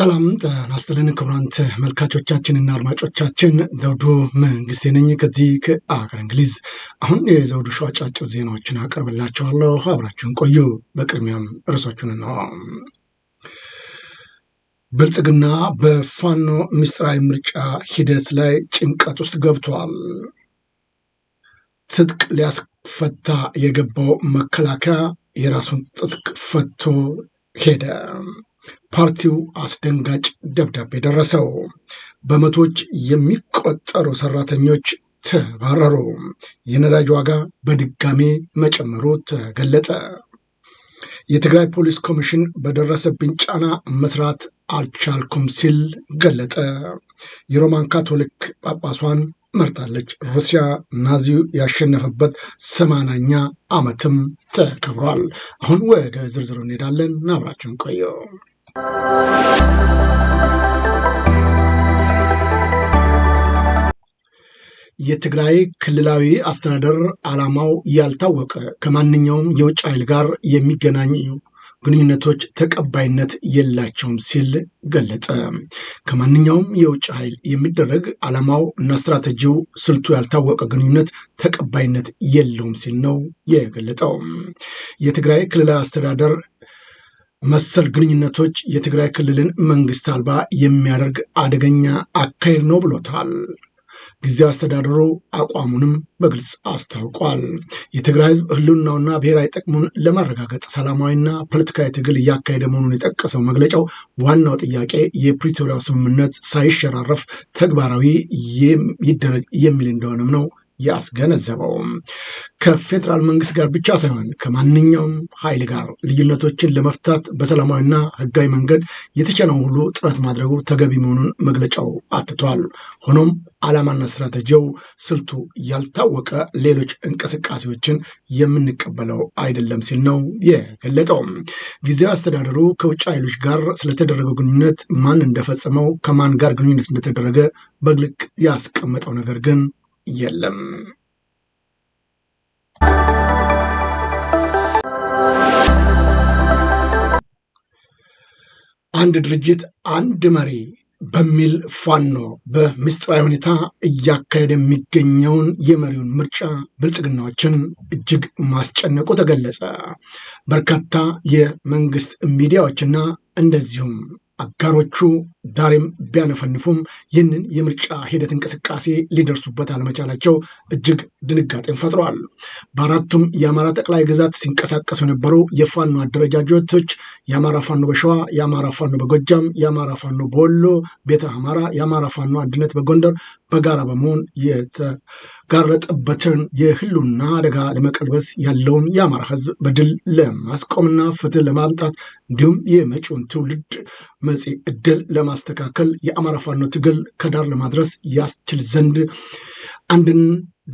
ሰላም ጤና ይስጥልን ክቡራን ተመልካቾቻችንና አድማጮቻችን ዘውዱ መንግስቴ ነኝ ከዚህ ከአገር እንግሊዝ። አሁን የዘውዱ ሾው አጫጭር ዜናዎችን አቀርብላችኋለሁ፣ አብራችሁን ቆዩ። በቅድሚያም እርሶቹን ነው። ብልጽግና በፋኖ ምስጢራዊ ምርጫ ሂደት ላይ ጭንቀት ውስጥ ገብቷል። ትጥቅ ሊያስፈታ የገባው መከላከያ የራሱን ትጥቅ ፈቶ ሄደ። ፓርቲው አስደንጋጭ ደብዳቤ ደረሰው። በመቶዎች የሚቆጠሩ ሰራተኞች ተባረሩ። የነዳጅ ዋጋ በድጋሜ መጨመሩ ተገለጠ። የትግራይ ፖሊስ ኮሚሽን በደረሰብኝ ጫና መስራት አልቻልኩም ሲል ገለጠ። የሮማን ካቶሊክ ጳጳሷን መርጣለች። ሩሲያ ናዚው ያሸነፈበት ሰማናኛ ዓመትም ተከብሯል። አሁን ወደ ዝርዝሩ እንሄዳለን። አብራችሁን ቆየው። የትግራይ ክልላዊ አስተዳደር ዓላማው ያልታወቀ ከማንኛውም የውጭ ኃይል ጋር የሚገናኙ ግንኙነቶች ተቀባይነት የላቸውም ሲል ገለጸ። ከማንኛውም የውጭ ኃይል የሚደረግ ዓላማው እና ስትራቴጂው ስልቱ ያልታወቀ ግንኙነት ተቀባይነት የለውም ሲል ነው የገለጠው። የትግራይ ክልላዊ አስተዳደር መሰል ግንኙነቶች የትግራይ ክልልን መንግስት አልባ የሚያደርግ አደገኛ አካሄድ ነው ብሎታል። ጊዜያዊ አስተዳደሩ አቋሙንም በግልጽ አስታውቋል። የትግራይ ህዝብ ህልውናውና ብሔራዊ ጥቅሙን ለማረጋገጥ ሰላማዊና ፖለቲካዊ ትግል እያካሄደ መሆኑን የጠቀሰው መግለጫው ዋናው ጥያቄ የፕሪቶሪያው ስምምነት ሳይሸራረፍ ተግባራዊ ይደረግ የሚል እንደሆነም ነው ያስገነዘበውም ከፌዴራል መንግስት ጋር ብቻ ሳይሆን ከማንኛውም ኃይል ጋር ልዩነቶችን ለመፍታት በሰላማዊና ህጋዊ መንገድ የተቻለውን ሁሉ ጥረት ማድረጉ ተገቢ መሆኑን መግለጫው አትቷል። ሆኖም ዓላማና ስትራቴጂው፣ ስልቱ ያልታወቀ ሌሎች እንቅስቃሴዎችን የምንቀበለው አይደለም ሲል ነው የገለጠው። ጊዜያዊ አስተዳደሩ ከውጭ ኃይሎች ጋር ስለተደረገው ግንኙነት ማን እንደፈጸመው፣ ከማን ጋር ግንኙነት እንደተደረገ በግልጽ ያስቀመጠው ነገር ግን የለም። አንድ ድርጅት አንድ መሪ በሚል ፋኖ በምስጢራዊ ሁኔታ እያካሄደ የሚገኘውን የመሪውን ምርጫ ብልጽግናዎችን እጅግ ማስጨነቁ ተገለጸ። በርካታ የመንግስት ሚዲያዎችና እንደዚሁም አጋሮቹ ዳሬም ቢያነፈንፉም ይህንን የምርጫ ሂደት እንቅስቃሴ ሊደርሱበት አለመቻላቸው እጅግ ድንጋጤን ፈጥረዋል። በአራቱም የአማራ ጠቅላይ ግዛት ሲንቀሳቀሱ የነበሩ የፋኖ አደረጃጀቶች የአማራ ፋኖ በሸዋ፣ የአማራ ፋኖ በጎጃም፣ የአማራ ፋኖ በወሎ ቤተ አማራ፣ የአማራ ፋኖ አንድነት በጎንደር በጋራ በመሆን የተጋረጠበትን የህልውና አደጋ ለመቀልበስ ያለውን የአማራ ህዝብ በድል ለማስቆምና ፍትህ ለማምጣት እንዲሁም የመጪውን ትውልድ መጪ እድል ለማ በማስተካከል የአማራ ፋኖ ትግል ከዳር ለማድረስ ያስችል ዘንድ አንድን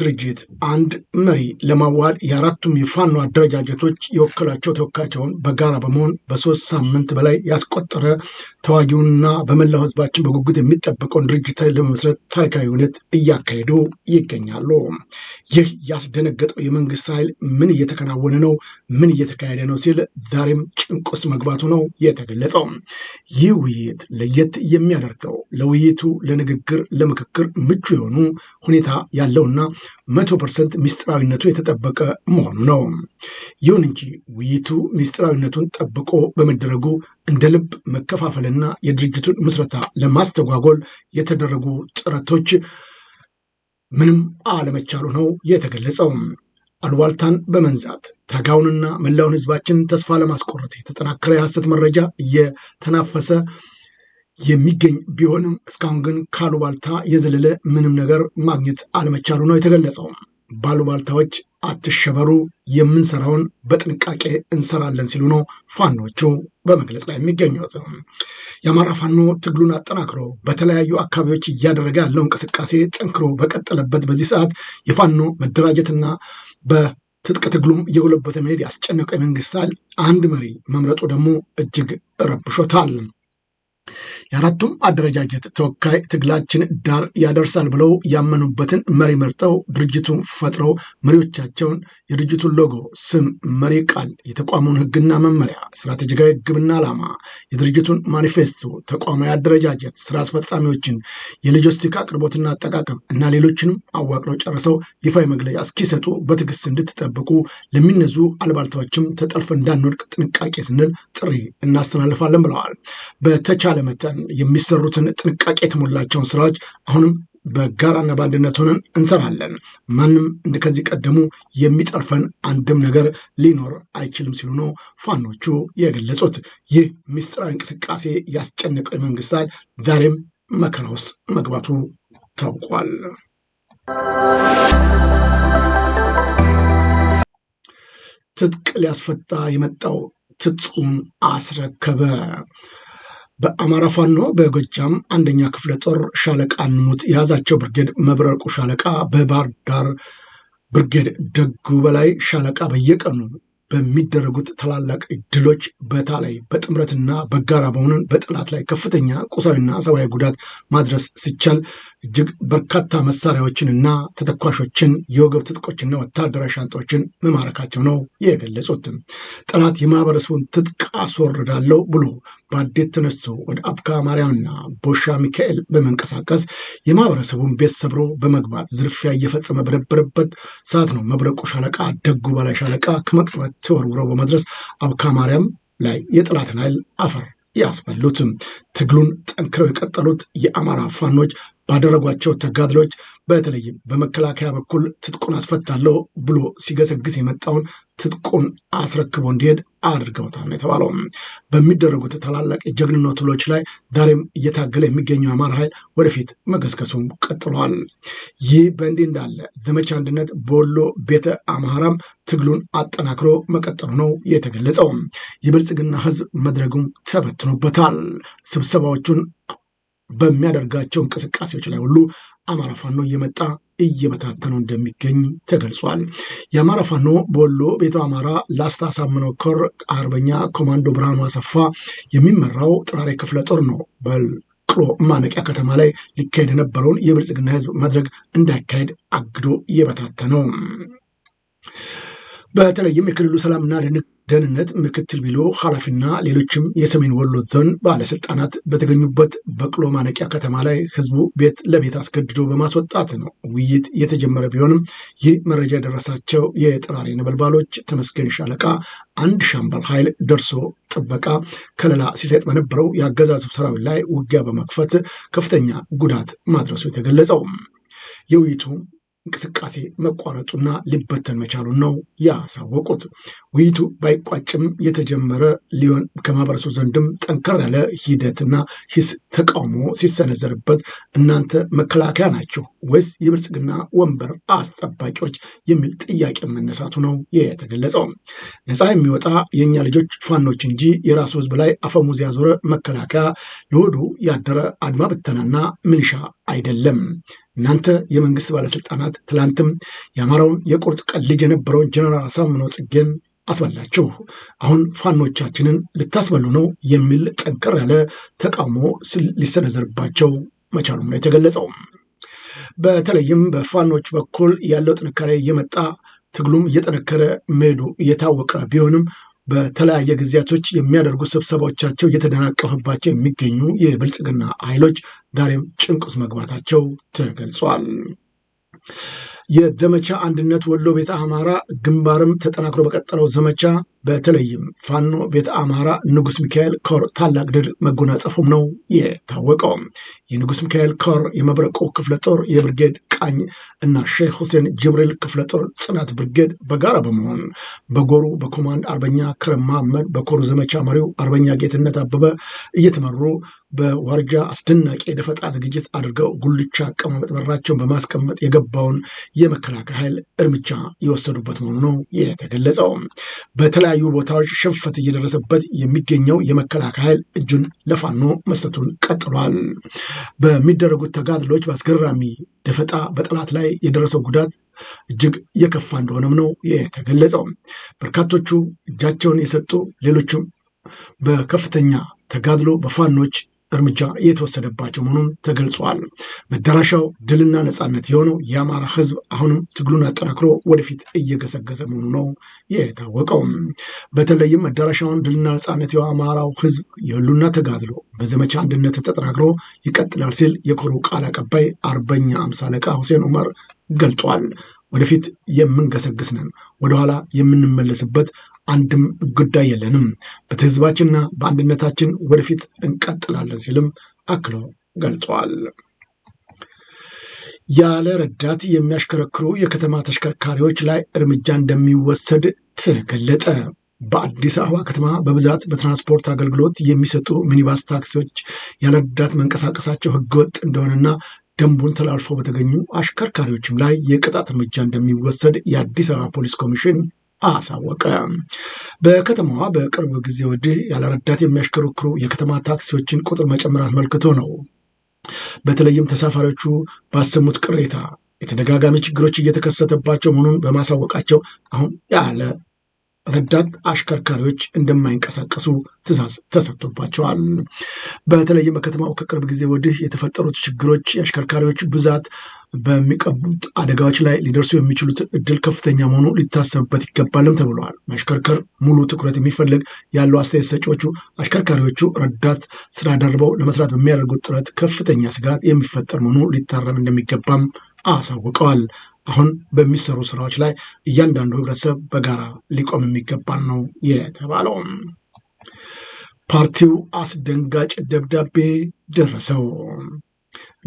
ድርጅት አንድ መሪ ለማዋል የአራቱም የፋኖ አደረጃጀቶች የወከሏቸው ተወካያቸውን በጋራ በመሆን በሶስት ሳምንት በላይ ያስቆጠረ ተዋጊውንና በመላው ሕዝባችን በጉጉት የሚጠበቀውን ድርጅት ለመመስረት ታሪካዊ እውነት እያካሄዱ ይገኛሉ። ይህ ያስደነገጠው የመንግስት ኃይል ምን እየተከናወነ ነው? ምን እየተካሄደ ነው? ሲል ዛሬም ጭንቅ ውስጥ መግባቱ ነው የተገለጸው። ይህ ውይይት ለየት የሚያደርገው ለውይይቱ ለንግግር፣ ለምክክር ምቹ የሆኑ ሁኔታ ያለውና መቶ ፐርሰንት ሚስጥራዊነቱ የተጠበቀ መሆኑ ነው። ይሁን እንጂ ውይይቱ ሚስጥራዊነቱን ጠብቆ በመደረጉ እንደ ልብ መከፋፈልና የድርጅቱን ምስረታ ለማስተጓጎል የተደረጉ ጥረቶች ምንም አለመቻሉ ነው የተገለጸው። አሉባልታን በመንዛት ታጋውንና መላውን ህዝባችን ተስፋ ለማስቆረጥ የተጠናከረ የሐሰት መረጃ እየተናፈሰ የሚገኝ ቢሆንም እስካሁን ግን ካሉባልታ የዘለለ ምንም ነገር ማግኘት አለመቻሉ ነው የተገለጸው። ባሉባልታዎች አትሸበሩ፣ የምንሰራውን በጥንቃቄ እንሰራለን ሲሉ ነው ፋኖቹ በመግለጽ ላይ የሚገኙት። የአማራ ፋኖ ትግሉን አጠናክሮ በተለያዩ አካባቢዎች እያደረገ ያለው እንቅስቃሴ ጠንክሮ በቀጠለበት በዚህ ሰዓት የፋኖ መደራጀትና በትጥቅ ትግሉም የውለበተ መሄድ ያስጨነቀው የመንግስት አንድ መሪ መምረጡ ደግሞ እጅግ ረብሾታል። የአራቱም አደረጃጀት ተወካይ ትግላችን ዳር ያደርሳል ብለው ያመኑበትን መሪ መርጠው ድርጅቱን ፈጥረው መሪዎቻቸውን የድርጅቱን ሎጎ፣ ስም፣ መሪ ቃል፣ የተቋሙን ህግና መመሪያ፣ ስትራቴጂካዊ ግብና ዓላማ፣ የድርጅቱን ማኒፌስቶ፣ ተቋማዊ አደረጃጀት፣ ስራ አስፈጻሚዎችን፣ የሎጂስቲክ አቅርቦትና አጠቃቀም እና ሌሎችንም አዋቅረው ጨርሰው ይፋዊ መግለጫ እስኪሰጡ በትዕግስት እንድትጠብቁ ለሚነዙ አልባልታዎችም ተጠልፈ እንዳንወድቅ ጥንቃቄ ስንል ጥሪ እናስተላልፋለን ብለዋል። በተቻለ በተቻለ መጠን የሚሰሩትን ጥንቃቄ የተሞላቸውን ስራዎች አሁንም በጋራና በአንድነት ሆነን እንሰራለን። ማንም እንደ ከዚህ ቀደሙ የሚጠርፈን አንድም ነገር ሊኖር አይችልም ሲሉ ነው ፋኖቹ የገለጹት። ይህ ምስጢራዊ እንቅስቃሴ ያስጨነቀው መንግስታት ዛሬም መከራ ውስጥ መግባቱ ታውቋል። ትጥቅ ሊያስፈታ የመጣው ትጥቁን አስረከበ። በአማራ ፋኖ በጎጃም አንደኛ ክፍለ ጦር ሻለቃ ንሙት የያዛቸው ብርጌድ መብረቁ ሻለቃ፣ በባህር ዳር ብርጌድ ደጉ በላይ ሻለቃ በየቀኑ በሚደረጉት ታላላቅ ድሎች ላይ በጥምረትና በጋራ በሆነን በጠላት ላይ ከፍተኛ ቁሳዊና ሰብአዊ ጉዳት ማድረስ ሲቻል እጅግ በርካታ መሳሪያዎችንና ተተኳሾችን የወገብ ትጥቆችና ወታደራዊ ሻንጣዎችን መማረካቸው ነው የገለጹት። ጠላት የማህበረሰቡን ትጥቅ አስወርዳለሁ ብሎ በአዴት ተነስቶ ወደ አብካ ማርያምና ቦሻ ሚካኤል በመንቀሳቀስ የማህበረሰቡን ቤት ሰብሮ በመግባት ዝርፊያ እየፈጸመ በነበረበት ሰዓት ነው መብረቁ ሻለቃ፣ ደጉ በላይ ሻለቃ ከመቅጽበት ተወርውረው በመድረስ አብካ ማርያም ላይ የጠላትን ኃይል አፈር ያስበሉትም ትግሉን ጠንክረው የቀጠሉት የአማራ ፋኖች ባደረጓቸው ተጋድሎች በተለይም በመከላከያ በኩል ትጥቁን አስፈታለሁ ብሎ ሲገሰግስ የመጣውን ትጥቁን አስረክቦ እንዲሄድ አድርገውታል ነው የተባለው። በሚደረጉት ታላላቅ የጀግንነት ውሎች ላይ ዛሬም እየታገለ የሚገኘው የአማራ ኃይል ወደፊት መገስገሱም ቀጥሏል። ይህ በእንዲህ እንዳለ ዘመቻ አንድነት በወሎ ቤተ አማራም ትግሉን አጠናክሮ መቀጠሉ ነው የተገለጸው። የብልጽግና ህዝብ መድረጉም ተበትኖበታል። ስብሰባዎቹን በሚያደርጋቸው እንቅስቃሴዎች ላይ ሁሉ አማራ ፋኖ እየመጣ እየበታተነው እንደሚገኝ ተገልጿል። የአማራ ፋኖ በወሎ ቤተ አማራ ላስታ ሳምነው ኮር አርበኛ ኮማንዶ ብርሃኑ አሰፋ የሚመራው ጥራሬ ክፍለ ጦር ነው በቅሎ ማነቂያ ከተማ ላይ ሊካሄድ የነበረውን የብልጽግና ህዝብ መድረክ እንዳይካሄድ አግዶ እየበታተነው በተለይም የክልሉ ሰላምና ደህንነት ምክትል ቢሮ ኃላፊና ሌሎችም የሰሜን ወሎ ዞን ባለስልጣናት በተገኙበት በቅሎ ማነቂያ ከተማ ላይ ህዝቡ ቤት ለቤት አስገድዶ በማስወጣት ነው ውይይት የተጀመረ ቢሆንም ይህ መረጃ የደረሳቸው የጠራሪ ነበልባሎች ተመስገን ሻለቃ አንድ ሻምበል ኃይል ደርሶ ጥበቃ ከለላ ሲሰጥ በነበረው የአገዛዙ ሰራዊት ላይ ውጊያ በመክፈት ከፍተኛ ጉዳት ማድረሱ የተገለጸው የውይይቱ እንቅስቃሴ መቋረጡና ሊበተን መቻሉን ነው ያሳወቁት። ውይይቱ ባይቋጭም የተጀመረ ሊሆን ከማህበረሰቡ ዘንድም ጠንከር ያለ ሂደትና ሂስ ተቃውሞ ሲሰነዘርበት እናንተ መከላከያ ናችሁ ወይስ የብልጽግና ወንበር አስጠባቂዎች የሚል ጥያቄ መነሳቱ ነው የተገለጸው። ነፃ የሚወጣ የእኛ ልጆች ፋኖች እንጂ የራሱ ህዝብ ላይ አፈሙዝ ያዞረ መከላከያ ለሆዱ ያደረ አድማ ብተናና ምንሻ አይደለም። እናንተ የመንግስት ባለስልጣናት ትላንትም የአማራውን የቁርጥ ቀን ልጅ የነበረውን ጀነራል አሳምነው ጽጌን አስበላችሁ፣ አሁን ፋኖቻችንን ልታስበሉ ነው የሚል ጠንከር ያለ ተቃውሞ ሊሰነዘርባቸው መቻሉም ነው የተገለጸው። በተለይም በፋኖች በኩል ያለው ጥንካሬ እየመጣ ትግሉም እየጠነከረ መሄዱ እየታወቀ ቢሆንም በተለያየ ጊዜያቶች የሚያደርጉ ስብሰባዎቻቸው እየተደናቀፈባቸው የሚገኙ የብልጽግና ኃይሎች ዛሬም ጭንቅ ውስጥ መግባታቸው ተገልጿል። የዘመቻ አንድነት ወሎ ቤተ አማራ ግንባርም ተጠናክሮ በቀጠለው ዘመቻ በተለይም ፋኖ ቤተ አማራ ንጉስ ሚካኤል ኮር ታላቅ ድል መጎናጸፉም ነው የታወቀው። የንጉስ ሚካኤል ኮር የመብረቁ ክፍለ ጦር የብርጌድ ቃኝ እና ሼህ ሁሴን ጅብሪል ክፍለ ጦር ጽናት ብርጌድ በጋራ በመሆን በጎሩ በኮማንድ አርበኛ ክረም መሐመድ በኮሩ ዘመቻ መሪው አርበኛ ጌትነት አበበ እየተመሩ በዋርጃ አስደናቂ የደፈጣ ዝግጅት አድርገው ጉልቻ አቀማመጥ በራቸውን በማስቀመጥ የገባውን የመከላከያ ኃይል እርምጃ የወሰዱበት መሆኑ ነው የተገለጸው። በተለያዩ ቦታዎች ሽንፈት እየደረሰበት የሚገኘው የመከላከያ ኃይል እጁን ለፋኖ መስጠቱን ቀጥሏል። በሚደረጉት ተጋድሎች በአስገራሚ ደፈጣ በጠላት ላይ የደረሰው ጉዳት እጅግ የከፋ እንደሆነም ነው የተገለጸው። በርካቶቹ እጃቸውን የሰጡ ሌሎችም በከፍተኛ ተጋድሎ በፋኖች እርምጃ የተወሰደባቸው መሆኑን ተገልጿል። መዳረሻው ድልና ነፃነት የሆነው የአማራ ህዝብ አሁንም ትግሉን አጠናክሮ ወደፊት እየገሰገሰ መሆኑ ነው የታወቀው። በተለይም መዳረሻውን ድልና ነፃነት የአማራው ህዝብ የህሉና ተጋድሎ በዘመቻ አንድነት ተጠናክሮ ይቀጥላል ሲል የኮሩ ቃል አቀባይ አርበኛ አምሳ አለቃ ሁሴን ኡመር ገልጿል። ወደፊት የምንገሰግስ ነን፣ ወደኋላ የምንመለስበት አንድም ጉዳይ የለንም። በትህዝባችንና በአንድነታችን ወደፊት እንቀጥላለን ሲልም አክሎ ገልጿል። ያለ ረዳት የሚያሽከረክሩ የከተማ ተሽከርካሪዎች ላይ እርምጃ እንደሚወሰድ ተገለጠ። በአዲስ አበባ ከተማ በብዛት በትራንስፖርት አገልግሎት የሚሰጡ ሚኒባስ ታክሲዎች ያለ ረዳት መንቀሳቀሳቸው ህገወጥ እንደሆነና ደንቡን ተላልፎ በተገኙ አሽከርካሪዎችም ላይ የቅጣት እርምጃ እንደሚወሰድ የአዲስ አበባ ፖሊስ ኮሚሽን አሳወቀ። በከተማዋ በቅርብ ጊዜ ወዲህ ያለረዳት የሚያሽከረክሩ የከተማ ታክሲዎችን ቁጥር መጨመር አስመልክቶ ነው። በተለይም ተሳፋሪዎቹ ባሰሙት ቅሬታ የተደጋጋሚ ችግሮች እየተከሰተባቸው መሆኑን በማሳወቃቸው አሁን ያለ ረዳት አሽከርካሪዎች እንደማይንቀሳቀሱ ትዕዛዝ ተሰጥቶባቸዋል። በተለይም በከተማው ከቅርብ ጊዜ ወዲህ የተፈጠሩት ችግሮች የአሽከርካሪዎች ብዛት በሚቀቡት አደጋዎች ላይ ሊደርሱ የሚችሉት እድል ከፍተኛ መሆኑ ሊታሰብበት ይገባልም ተብለዋል። መሽከርከር ሙሉ ትኩረት የሚፈልግ ያለው አስተያየት ሰጪዎቹ አሽከርካሪዎቹ ረዳት ስራ ደርበው ለመስራት በሚያደርጉት ጥረት ከፍተኛ ስጋት የሚፈጠር መሆኑ ሊታረም እንደሚገባም አሳውቀዋል። አሁን በሚሰሩ ስራዎች ላይ እያንዳንዱ ህብረተሰብ በጋራ ሊቆም የሚገባ ነው የተባለው። ፓርቲው አስደንጋጭ ደብዳቤ ደረሰው።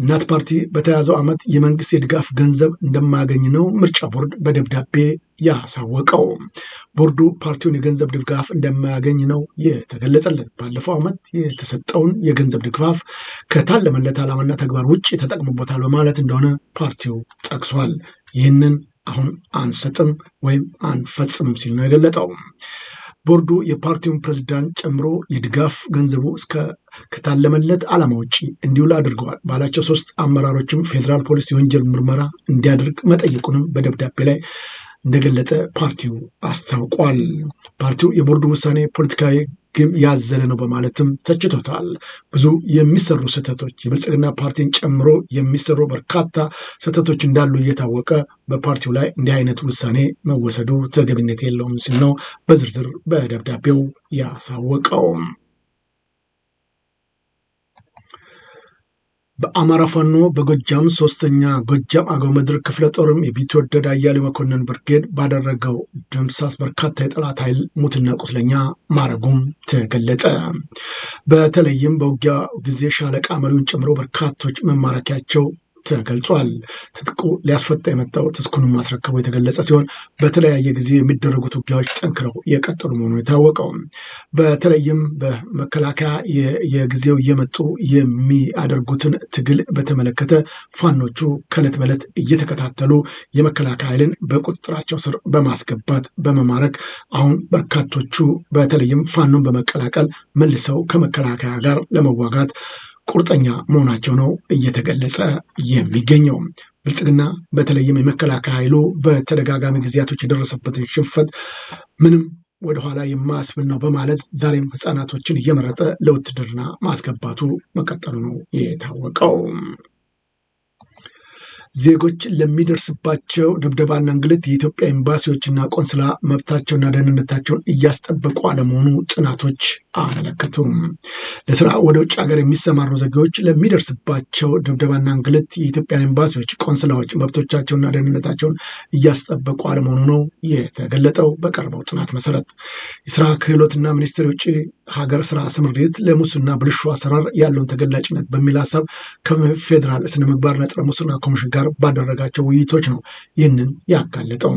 እናት ፓርቲ በተያዘው ዓመት የመንግስት የድጋፍ ገንዘብ እንደማያገኝ ነው ምርጫ ቦርድ በደብዳቤ ያሳወቀው። ቦርዱ ፓርቲውን የገንዘብ ድጋፍ እንደማያገኝ ነው የተገለጸለት። ባለፈው ዓመት የተሰጠውን የገንዘብ ድጋፍ ከታለመለት ዓላማና ተግባር ውጭ ተጠቅሞበታል በማለት እንደሆነ ፓርቲው ጠቅሷል። ይህንን አሁን አንሰጥም ወይም አንፈጽም ሲል ነው የገለጠው። ቦርዱ የፓርቲውን ፕሬዝዳንት ጨምሮ የድጋፍ ገንዘቡ እስከ ከታለመለት ዓላማ ውጭ እንዲውል አድርገዋል ባላቸው ሶስት አመራሮችም ፌዴራል ፖሊስ የወንጀል ምርመራ እንዲያደርግ መጠየቁንም በደብዳቤ ላይ እንደገለጠ ፓርቲው አስታውቋል። ፓርቲው የቦርዱ ውሳኔ ፖለቲካዊ ግብ ያዘለ ነው በማለትም ተችቶታል። ብዙ የሚሰሩ ስህተቶች የብልጽግና ፓርቲን ጨምሮ የሚሰሩ በርካታ ስህተቶች እንዳሉ እየታወቀ በፓርቲው ላይ እንዲህ አይነት ውሳኔ መወሰዱ ተገቢነት የለውም ሲል ነው በዝርዝር በደብዳቤው ያሳወቀው። በአማራ ፋኖ በጎጃም ሶስተኛ ጎጃም አገው ምድር ክፍለ ጦርም የቢትወደድ አያሌው መኮንን ብርጌድ ባደረገው ድምሳስ በርካታ የጠላት ኃይል ሙትና ቁስለኛ ማረጉም ተገለጸ። በተለይም በውጊያ ጊዜ ሻለቃ መሪውን ጨምሮ በርካቶች መማረኪያቸው ተገልጿል። ትጥቁ ሊያስፈታ የመጣው ትስኩንም ማስረከቡ የተገለጸ ሲሆን በተለያየ ጊዜ የሚደረጉት ውጊያዎች ጠንክረው የቀጠሉ መሆኑ የታወቀው በተለይም በመከላከያ የጊዜው እየመጡ የሚያደርጉትን ትግል በተመለከተ ፋኖቹ ከእለት በዕለት እየተከታተሉ የመከላከያ ኃይልን በቁጥጥራቸው ስር በማስገባት በመማረክ አሁን በርካቶቹ በተለይም ፋኖን በመቀላቀል መልሰው ከመከላከያ ጋር ለመዋጋት ቁርጠኛ መሆናቸው ነው እየተገለጸ የሚገኘው። ብልጽግና በተለይም የመከላከያ ኃይሉ በተደጋጋሚ ጊዜያቶች የደረሰበትን ሽንፈት ምንም ወደኋላ የማያስብል ነው በማለት ዛሬም ህፃናቶችን እየመረጠ ለውትድርና ማስገባቱ መቀጠሉ ነው የታወቀው። ዜጎች ለሚደርስባቸው ድብደባና እንግልት የኢትዮጵያ ኤምባሲዎችና ቆንስላ መብታቸውና ደህንነታቸውን እያስጠበቁ አለመሆኑ ጥናቶች አመለከቱም። ለስራ ወደ ውጭ ሀገር የሚሰማሩ ዜጎች ለሚደርስባቸው ድብደባና እንግልት የኢትዮጵያን ኤምባሲዎች፣ ቆንስላዎች መብቶቻቸውና ደህንነታቸውን እያስጠበቁ አለመሆኑ ነው የተገለጠው። በቀረበው ጥናት መሰረት የስራ ክህሎትና ሚኒስቴር የውጭ ሀገር ስራ ስምሪት ለሙስና ብልሹ አሰራር ያለውን ተገላጭነት በሚል ሀሳብ ከፌዴራል ስነምግባርና ጸረ ሙስና ኮሚሽን ጋር ጋር ባደረጋቸው ውይይቶች ነው ይህንን ያጋለጠው።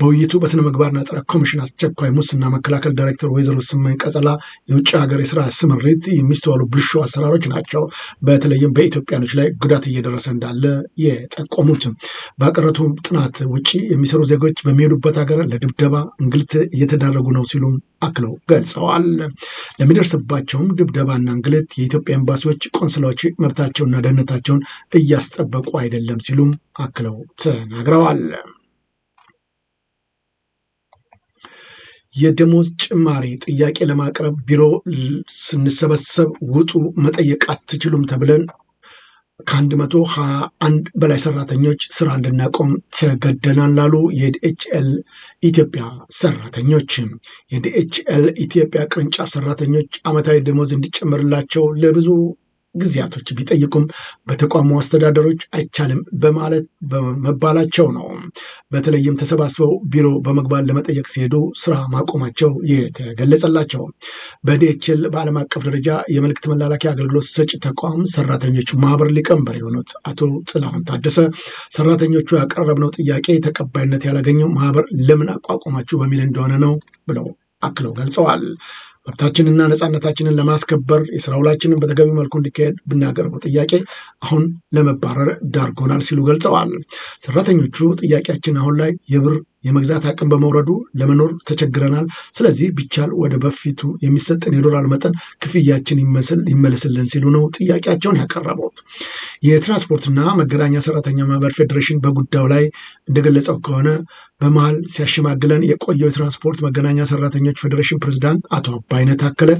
በውይይቱ በስነ ምግባርና ጸረ ኮሚሽን አስቸኳይ ሙስና መከላከል ዳይሬክተር ወይዘሮ ስመኝ ቀጸላ የውጭ ሀገር የስራ ስምሪት የሚስተዋሉ ብልሹ አሰራሮች ናቸው፣ በተለይም በኢትዮጵያኖች ላይ ጉዳት እየደረሰ እንዳለ የጠቆሙት በቀረቱ ጥናት ውጭ የሚሰሩ ዜጎች በሚሄዱበት ሀገር ለድብደባ እንግልት እየተዳረጉ ነው ሲሉም አክለው ገልጸዋል። ለሚደርስባቸውም ድብደባና እንግልት የኢትዮጵያ ኤምባሲዎች፣ ቆንስላዎች መብታቸውና ደህንነታቸውን እያስጠበቁ አይደለም ሲሉ ሲሉም አክለው ተናግረዋል። የደሞዝ ጭማሪ ጥያቄ ለማቅረብ ቢሮ ስንሰበሰብ ውጡ መጠየቅ አትችሉም ተብለን ከአንድ መቶ ሀያ አንድ በላይ ሰራተኞች ስራ እንድናቆም ተገደናል ላሉ የዲኤችኤል ኢትዮጵያ ሰራተኞች የዲኤችኤል ኢትዮጵያ ቅርንጫፍ ሰራተኞች አመታዊ ደሞዝ እንዲጨምርላቸው ለብዙ ጊዜያቶች ቢጠይቁም በተቋሙ አስተዳደሮች አይቻልም በማለት በመባላቸው ነው። በተለይም ተሰባስበው ቢሮ በመግባት ለመጠየቅ ሲሄዱ ስራ ማቆማቸው የተገለጸላቸው በዲኤችኤል በዓለም አቀፍ ደረጃ የመልእክት መላላኪያ አገልግሎት ሰጪ ተቋም ሰራተኞች ማህበር ሊቀመንበር የሆኑት አቶ ጥላሁን ታደሰ ሰራተኞቹ ያቀረብነው ጥያቄ ተቀባይነት ያላገኘው ማህበር ለምን አቋቋማችሁ በሚል እንደሆነ ነው ብለው አክለው ገልጸዋል። መብታችንና ነፃነታችንን ለማስከበር የስራ ውላችንን በተገቢ መልኩ እንዲካሄድ ብናቀርበው ጥያቄ አሁን ለመባረር ዳርጎናል ሲሉ ገልጸዋል። ሰራተኞቹ ጥያቄያችን አሁን ላይ የብር የመግዛት አቅም በመውረዱ ለመኖር ተቸግረናል። ስለዚህ ቢቻል ወደ በፊቱ የሚሰጠን የዶላር መጠን ክፍያችን ይመለስልን ሲሉ ነው ጥያቄያቸውን ያቀረቡት። የትራንስፖርትና መገናኛ ሰራተኛ ማህበር ፌዴሬሽን በጉዳዩ ላይ እንደገለጸው ከሆነ በመሀል ሲያሸማግለን የቆየው የትራንስፖርት መገናኛ ሰራተኞች ፌዴሬሽን ፕሬዚዳንት አቶ አባይነት ታከለ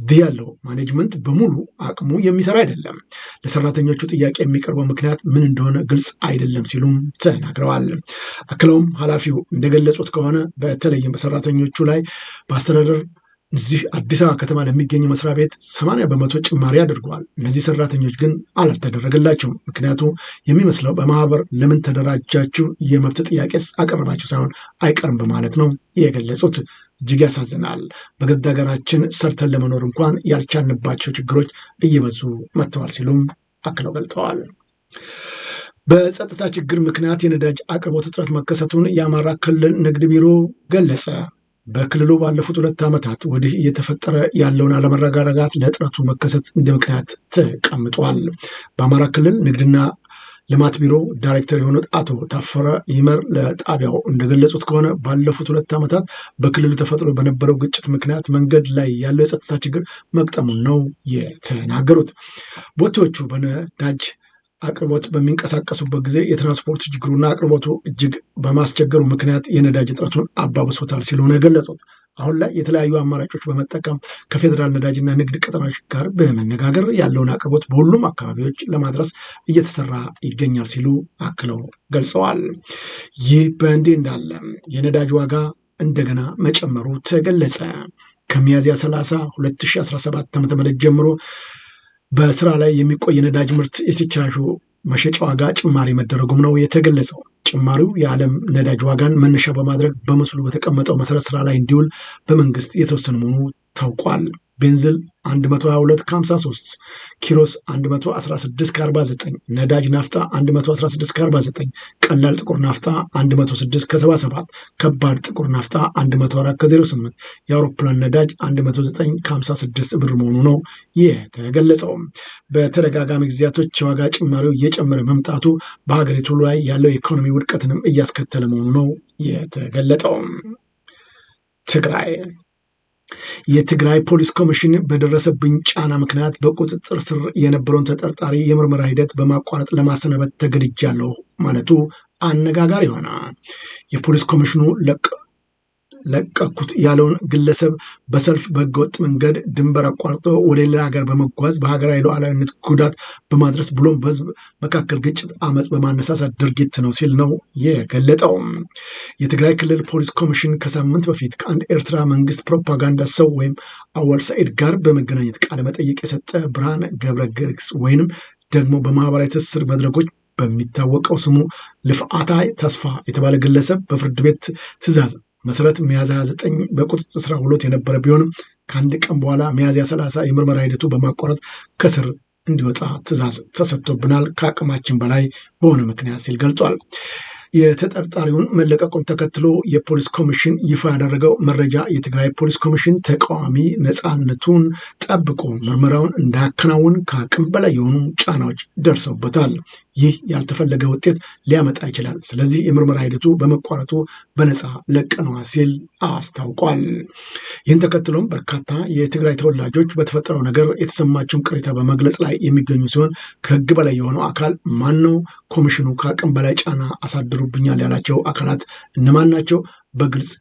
እዚህ ያለው ማኔጅመንት በሙሉ አቅሙ የሚሰራ አይደለም፣ ለሰራተኞቹ ጥያቄ የሚቀርበው ምክንያት ምን እንደሆነ ግልጽ አይደለም ሲሉም ተናግረዋል። አክለውም ኃላፊው እንደገለጹት ከሆነ በተለይም በሰራተኞቹ ላይ በአስተዳደር እዚህ አዲስ አበባ ከተማ ለሚገኝ መስሪያ ቤት ሰማንያ በመቶ ጭማሪ አድርገዋል። እነዚህ ሰራተኞች ግን አላልተደረገላቸውም። ምክንያቱ የሚመስለው በማህበር ለምን ተደራጃችሁ የመብት ጥያቄ አቀረባችሁ ሳይሆን አይቀርም በማለት ነው የገለጹት። እጅግ ያሳዝናል። በገዛ ሀገራችን ሰርተን ለመኖር እንኳን ያልቻንባቸው ችግሮች እየበዙ መጥተዋል ሲሉም አክለው ገልጠዋል። በጸጥታ ችግር ምክንያት የነዳጅ አቅርቦት እጥረት መከሰቱን የአማራ ክልል ንግድ ቢሮ ገለጸ። በክልሉ ባለፉት ሁለት ዓመታት ወዲህ እየተፈጠረ ያለውን አለመረጋጋት ለእጥረቱ መከሰት እንደ ምክንያት ተቀምጧል። በአማራ ክልል ንግድና ልማት ቢሮ ዳይሬክተር የሆኑት አቶ ታፈረ ይመር ለጣቢያው እንደገለጹት ከሆነ ባለፉት ሁለት ዓመታት በክልሉ ተፈጥሮ በነበረው ግጭት ምክንያት መንገድ ላይ ያለው የጸጥታ ችግር መቅጠሙን ነው የተናገሩት ቦቴዎቹ በነዳጅ አቅርቦት በሚንቀሳቀሱበት ጊዜ የትራንስፖርት ችግሩና አቅርቦቱ እጅግ በማስቸገሩ ምክንያት የነዳጅ እጥረቱን አባብሶታል ሲሉ ነው የገለጹት። አሁን ላይ የተለያዩ አማራጮች በመጠቀም ከፌዴራል ነዳጅና ንግድ ቀጠናዎች ጋር በመነጋገር ያለውን አቅርቦት በሁሉም አካባቢዎች ለማድረስ እየተሰራ ይገኛል ሲሉ አክለው ገልጸዋል። ይህ በእንዲህ እንዳለ የነዳጅ ዋጋ እንደገና መጨመሩ ተገለጸ። ከሚያዝያ 30 2017 ዓ.ም ጀምሮ በስራ ላይ የሚቆይ ነዳጅ ምርት የችርቻሮ መሸጫ ዋጋ ጭማሪ መደረጉም ነው የተገለጸው። ጭማሪው የዓለም ነዳጅ ዋጋን መነሻ በማድረግ በምስሉ በተቀመጠው መሰረት ስራ ላይ እንዲውል በመንግስት የተወሰነ መሆኑ ታውቋል። ቤንዝል 122 53 ኪሮስ 116 49 ነዳጅ ናፍጣ 116 49 ቀላል ጥቁር ናፍጣ 106 77 ከባድ ጥቁር ናፍጣ 104 08 የአውሮፕላን ነዳጅ 109 56 ብር መሆኑ ነው የተገለጸው። በተደጋጋሚ ጊዜያቶች የዋጋ ጭማሪው እየጨመረ መምጣቱ በሀገሪቱ ላይ ያለው የኢኮኖሚ ውድቀትንም እያስከተለ መሆኑ ነው የተገለጠው። ትግራይ የትግራይ ፖሊስ ኮሚሽን በደረሰብኝ ጫና ምክንያት በቁጥጥር ስር የነበረውን ተጠርጣሪ የምርመራ ሂደት በማቋረጥ ለማሰናበት ተገድጃለሁ ማለቱ አነጋጋሪ ሆነ። የፖሊስ ኮሚሽኑ ለቀኩት ያለውን ግለሰብ በሰልፍ በህገወጥ መንገድ ድንበር አቋርጦ ወደ ሌላ ሀገር በመጓዝ በሀገራዊ ሉዓላዊነት ጉዳት በማድረስ ብሎም በህዝብ መካከል ግጭት፣ አመፅ በማነሳሳት ድርጊት ነው ሲል ነው የገለጠው። የትግራይ ክልል ፖሊስ ኮሚሽን ከሳምንት በፊት ከአንድ ኤርትራ መንግስት ፕሮፓጋንዳ ሰው ወይም አወል ሰኢድ ጋር በመገናኘት ቃለመጠይቅ የሰጠ ብርሃን ገብረ ግርግስ ወይንም ደግሞ በማህበራዊ ትስስር መድረጎች በሚታወቀው ስሙ ልፍዓታ ተስፋ የተባለ ግለሰብ በፍርድ ቤት ትእዛዝ መሰረት ሚያዝያ 29 በቁጥጥር ስር ውሎት የነበረ ቢሆንም ከአንድ ቀን በኋላ ሚያዝያ 30 የምርመራ ሂደቱ በማቋረጥ ከስር እንዲወጣ ትዕዛዝ ተሰጥቶብናል ከአቅማችን በላይ በሆነ ምክንያት ሲል ገልጿል። የተጠርጣሪውን መለቀቁን ተከትሎ የፖሊስ ኮሚሽን ይፋ ያደረገው መረጃ የትግራይ ፖሊስ ኮሚሽን ተቃዋሚ ነፃነቱን ጠብቆ ምርመራውን እንዳያከናውን ከአቅም በላይ የሆኑ ጫናዎች ደርሰውበታል። ይህ ያልተፈለገ ውጤት ሊያመጣ ይችላል። ስለዚህ የምርመራ ሂደቱ በመቋረጡ በነፃ ለቀነዋል ሲል አስታውቋል። ይህን ተከትሎም በርካታ የትግራይ ተወላጆች በተፈጠረው ነገር የተሰማቸውን ቅሬታ በመግለጽ ላይ የሚገኙ ሲሆን ከህግ በላይ የሆነው አካል ማን ነው? ኮሚሽኑ ከአቅም በላይ ጫና አሳድሩብኛል ያላቸው አካላት እነማን ናቸው? በግልጽ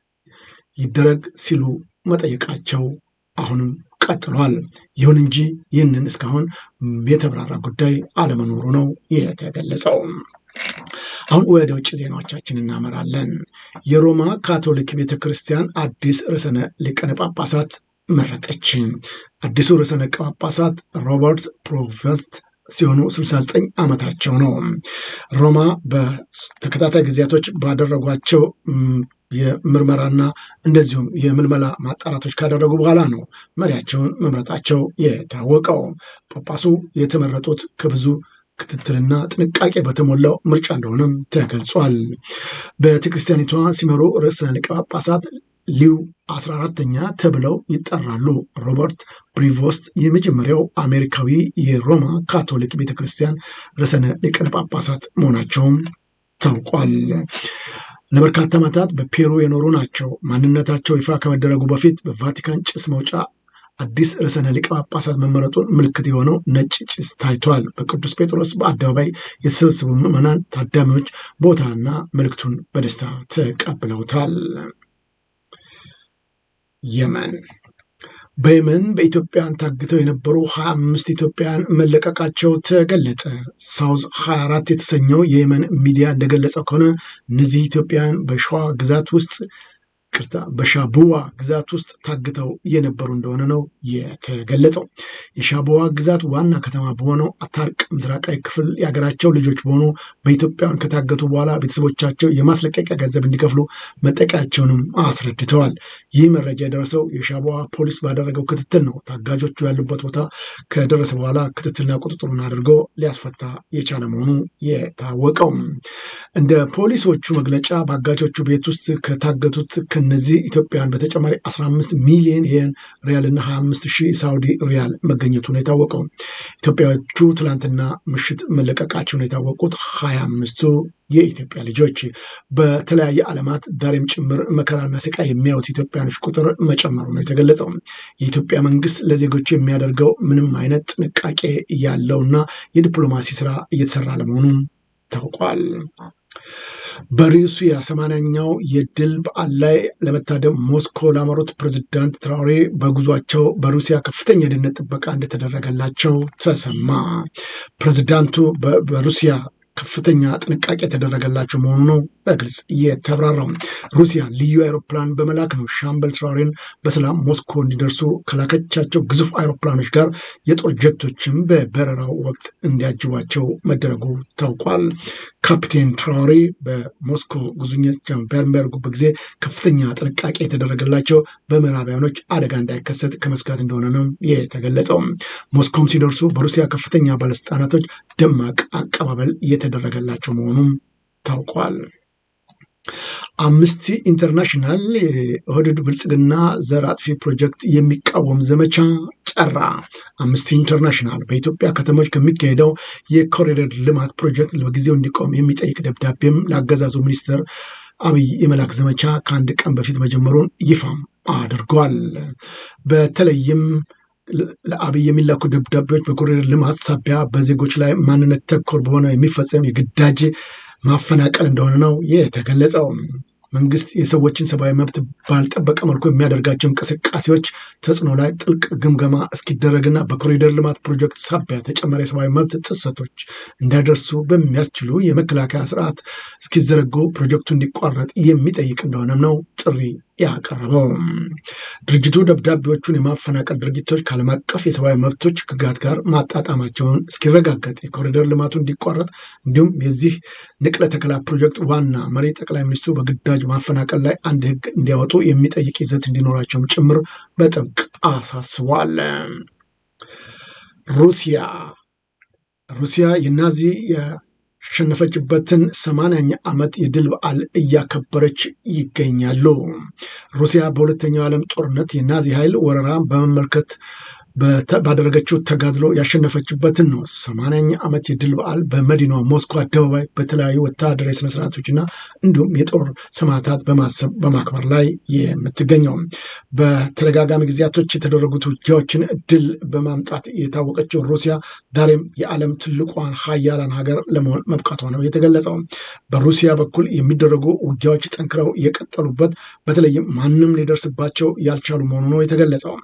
ይደረግ ሲሉ መጠየቃቸው አሁንም ቀጥሏል። ይሁን እንጂ ይህንን እስካሁን የተብራራ ጉዳይ አለመኖሩ ነው የተገለጸው። አሁን ወደ ውጭ ዜናዎቻችን እናመራለን። የሮማ ካቶሊክ ቤተ ክርስቲያን አዲስ ርዕሰነ ሊቀነ ጳጳሳት መረጠች። አዲሱ ርዕሰ ሊቃነ ጳጳሳት ሮበርት ፕሮቨስት ሲሆኑ 69 ዓመታቸው ነው። ሮማ በተከታታይ ጊዜያቶች ባደረጓቸው የምርመራና እንደዚሁም የምልመላ ማጣራቶች ካደረጉ በኋላ ነው መሪያቸውን መምረጣቸው የታወቀው። ጳጳሱ የተመረጡት ከብዙ ክትትልና ጥንቃቄ በተሞላው ምርጫ እንደሆነም ተገልጿል። በቤተክርስቲያኒቷ ሲመሩ ርዕሰ ሊቀ ጳጳሳት ሊው 14ተኛ ተብለው ይጠራሉ። ሮበርት ፕሪቮስት የመጀመሪያው አሜሪካዊ የሮማ ካቶሊክ ቤተክርስቲያን ርዕሰ ሊቀ ጳጳሳት መሆናቸውም ታውቋል። ለበርካታ ዓመታት በፔሩ የኖሩ ናቸው። ማንነታቸው ይፋ ከመደረጉ በፊት በቫቲካን ጭስ መውጫ አዲስ ርዕሰነ ሊቀ ጳጳሳት መመረጡን ምልክት የሆነው ነጭ ጭስ ታይቷል። በቅዱስ ጴጥሮስ በአደባባይ የተሰበሰቡ ምዕመናን ታዳሚዎች ቦታና ምልክቱን በደስታ ተቀብለውታል። የመን በየመን በኢትዮጵያን ታግተው የነበሩ 25 ኢትዮጵያን መለቀቃቸው ተገለጸ። ሳውዝ 24 የተሰኘው የየመን ሚዲያ እንደገለጸው ከሆነ እነዚህ ኢትዮጵያን በሸዋ ግዛት ውስጥ ቅርታ በሻቡዋ ግዛት ውስጥ ታግተው የነበሩ እንደሆነ ነው የተገለጸው። የሻቡዋ ግዛት ዋና ከተማ በሆነው አታርቅ ምስራቃዊ ክፍል የሀገራቸው ልጆች በሆኑ በኢትዮጵያውያን ከታገቱ በኋላ ቤተሰቦቻቸው የማስለቀቂያ ገንዘብ እንዲከፍሉ መጠቀያቸውንም አስረድተዋል። ይህ መረጃ የደረሰው የሻቡዋ ፖሊስ ባደረገው ክትትል ነው። ታጋጆቹ ያሉበት ቦታ ከደረሰ በኋላ ክትትልና ቁጥጥሩን አድርጎ ሊያስፈታ የቻለ መሆኑ የታወቀው እንደ ፖሊሶቹ መግለጫ በአጋቾቹ ቤት ውስጥ ከታገቱት ከነዚህ ኢትዮጵያውያን በተጨማሪ 15 ሚሊዮን የን ሪያል እና 25 ሺህ ሳውዲ ሪያል መገኘቱ ነው የታወቀው። ኢትዮጵያዎቹ ትላንትና ምሽት መለቀቃቸው ነው የታወቁት 25ቱ የኢትዮጵያ ልጆች በተለያየ ዓለማት ዛሬም ጭምር መከራና ስቃይ የሚያዩት ኢትዮጵያኖች ቁጥር መጨመሩ ነው የተገለጸው። የኢትዮጵያ መንግስት ለዜጎቹ የሚያደርገው ምንም አይነት ጥንቃቄ ያለውና የዲፕሎማሲ ስራ እየተሰራ ለመሆኑም ታውቋል። በሩሲያ ሰማንያኛው የድል በዓል ላይ ለመታደም ሞስኮ ላመሩት ፕሬዚዳንት ትራውሬ በጉዟቸው በሩሲያ ከፍተኛ የደህንነት ጥበቃ እንደተደረገላቸው ተሰማ። ፕሬዚዳንቱ በሩሲያ ከፍተኛ ጥንቃቄ የተደረገላቸው መሆኑ ነው በግልጽ የተብራራው። ሩሲያ ልዩ አይሮፕላን በመላክ ነው ሻምበል ትራሪን በሰላም ሞስኮ እንዲደርሱ ከላከቻቸው ግዙፍ አይሮፕላኖች ጋር የጦር ጀቶችም በበረራው ወቅት እንዲያጅቧቸው መደረጉ ታውቋል። ካፕቴን ትራሪ በሞስኮ ጉዞኛቸው በሚያደርጉበት ጊዜ ከፍተኛ ጥንቃቄ የተደረገላቸው በምዕራባውያኖች አደጋ እንዳይከሰት ከመስጋት እንደሆነ ነው የተገለጸው። ሞስኮም ሲደርሱ በሩሲያ ከፍተኛ ባለስልጣናቶች ደማቅ አቀባበል የተ የተደረገላቸው መሆኑም ታውቋል። አምነስቲ ኢንተርናሽናል የኦህዴድ ብልጽግና ዘር አጥፊ ፕሮጀክት የሚቃወም ዘመቻ ጠራ። አምነስቲ ኢንተርናሽናል በኢትዮጵያ ከተሞች ከሚካሄደው የኮሪደር ልማት ፕሮጀክት በጊዜው እንዲቆም የሚጠይቅ ደብዳቤም ለአገዛዙ ሚኒስትር አብይ የመላክ ዘመቻ ከአንድ ቀን በፊት መጀመሩን ይፋም አድርጓል። በተለይም ለአብይ የሚላኩ ደብዳቤዎች በኮሪደር ልማት ሳቢያ በዜጎች ላይ ማንነት ተኮር በሆነ የሚፈጸም የግዳጅ ማፈናቀል እንደሆነ ነው የተገለጸው። መንግስት የሰዎችን ሰብአዊ መብት ባልጠበቀ መልኩ የሚያደርጋቸው እንቅስቃሴዎች ተጽዕኖ ላይ ጥልቅ ግምገማ እስኪደረግና በኮሪደር ልማት ፕሮጀክት ሳቢያ ተጨማሪ የሰብአዊ መብት ጥሰቶች እንዳይደርሱ በሚያስችሉ የመከላከያ ስርዓት እስኪዘረጉ ፕሮጀክቱ እንዲቋረጥ የሚጠይቅ እንደሆነም ነው ጥሪ ያቀረበው ድርጅቱ ደብዳቤዎቹን የማፈናቀል ድርጊቶች ከዓለም አቀፍ የሰብአዊ መብቶች ሕግጋት ጋር ማጣጣማቸውን እስኪረጋገጥ የኮሪደር ልማቱ እንዲቋረጥ እንዲሁም የዚህ ንቅለ ተከላ ፕሮጀክት ዋና መሪ ጠቅላይ ሚኒስትሩ በግዳጅ ማፈናቀል ላይ አንድ ሕግ እንዲያወጡ የሚጠይቅ ይዘት እንዲኖራቸውም ጭምር በጥብቅ አሳስቧል። ሩሲያ ሩሲያ የናዚ ያሸነፈችበትን ሰማንያኛ ዓመት የድል በዓል እያከበረች ይገኛሉ። ሩሲያ በሁለተኛው ዓለም ጦርነት የናዚ ኃይል ወረራ በመመልከት ባደረገችው ተጋድሎ ያሸነፈችበትን ነው። ሰማንያኛ ዓመት የድል በዓል በመዲና ሞስኮ አደባባይ በተለያዩ ወታደራዊ ስነስርዓቶችና እንዲሁም የጦር ሰማዕታት በማሰብ በማክበር ላይ የምትገኘው በተደጋጋሚ ጊዜያቶች የተደረጉት ውጊያዎችን ድል በማምጣት የታወቀችው ሩሲያ ዛሬም የዓለም ትልቋን ሀያላን ሀገር ለመሆን መብቃቷ ነው የተገለጸው። በሩሲያ በኩል የሚደረጉ ውጊያዎች ጠንክረው የቀጠሉበት በተለይም ማንም ሊደርስባቸው ያልቻሉ መሆኑ ነው የተገለጸው።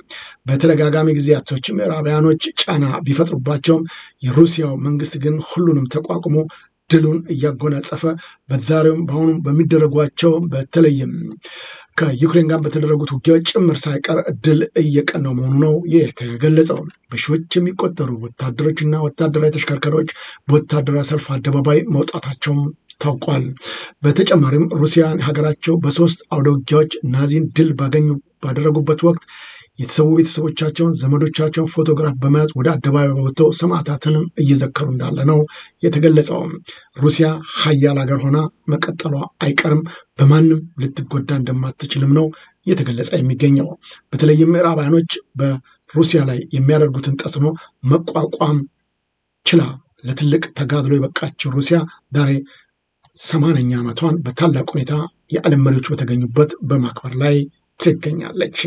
በተደጋጋሚ ጊዜ በርካቶች ምዕራባውያኖች ጫና ቢፈጥሩባቸውም የሩሲያው መንግስት ግን ሁሉንም ተቋቁሞ ድሉን እያጎናጸፈ በዛሬውም በአሁኑ በሚደረጓቸው በተለይም ከዩክሬን ጋር በተደረጉት ውጊያዎች ጭምር ሳይቀር ድል እየቀናው መሆኑ ነው የተገለጸው። በሺዎች የሚቆጠሩ ወታደሮችና ወታደራዊ ተሽከርካሪዎች በወታደራዊ ሰልፍ አደባባይ መውጣታቸውም ታውቋል። በተጨማሪም ሩሲያን ሀገራቸው በሶስት አውደ ውጊያዎች ናዚን ድል ባገኙ ባደረጉበት ወቅት የተሰዉ ቤተሰቦቻቸውን፣ ዘመዶቻቸውን ፎቶግራፍ በመያዝ ወደ አደባባይ ወጥተው ሰማዕታትንም እየዘከሩ እንዳለ ነው የተገለጸው። ሩሲያ ሀያል ሀገር ሆና መቀጠሏ አይቀርም፣ በማንም ልትጎዳ እንደማትችልም ነው እየተገለጸ የሚገኘው። በተለይ ምዕራባውያኖች በሩሲያ ላይ የሚያደርጉትን ተጽዕኖ መቋቋም ችላ ለትልቅ ተጋድሎ የበቃችው ሩሲያ ዛሬ ሰማንያኛ ዓመቷን በታላቅ ሁኔታ የዓለም መሪዎች በተገኙበት በማክበር ላይ ትገኛለች።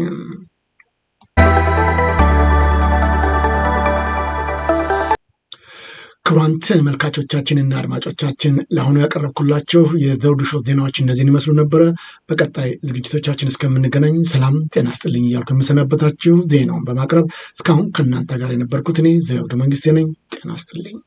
ክቡራን ተመልካቾቻችንና አድማጮቻችን ለአሁኑ ያቀረብኩላችሁ የዘውዱ ሾው ዜናዎች እነዚህን ይመስሉ ነበረ። በቀጣይ ዝግጅቶቻችን እስከምንገናኝ ሰላም ጤና ስጥልኝ እያልኩ የምሰናበታችሁ ዜናውን በማቅረብ እስካሁን ከእናንተ ጋር የነበርኩት እኔ ዘውዱ መንግስቴ ነኝ። ጤና ስጥልኝ።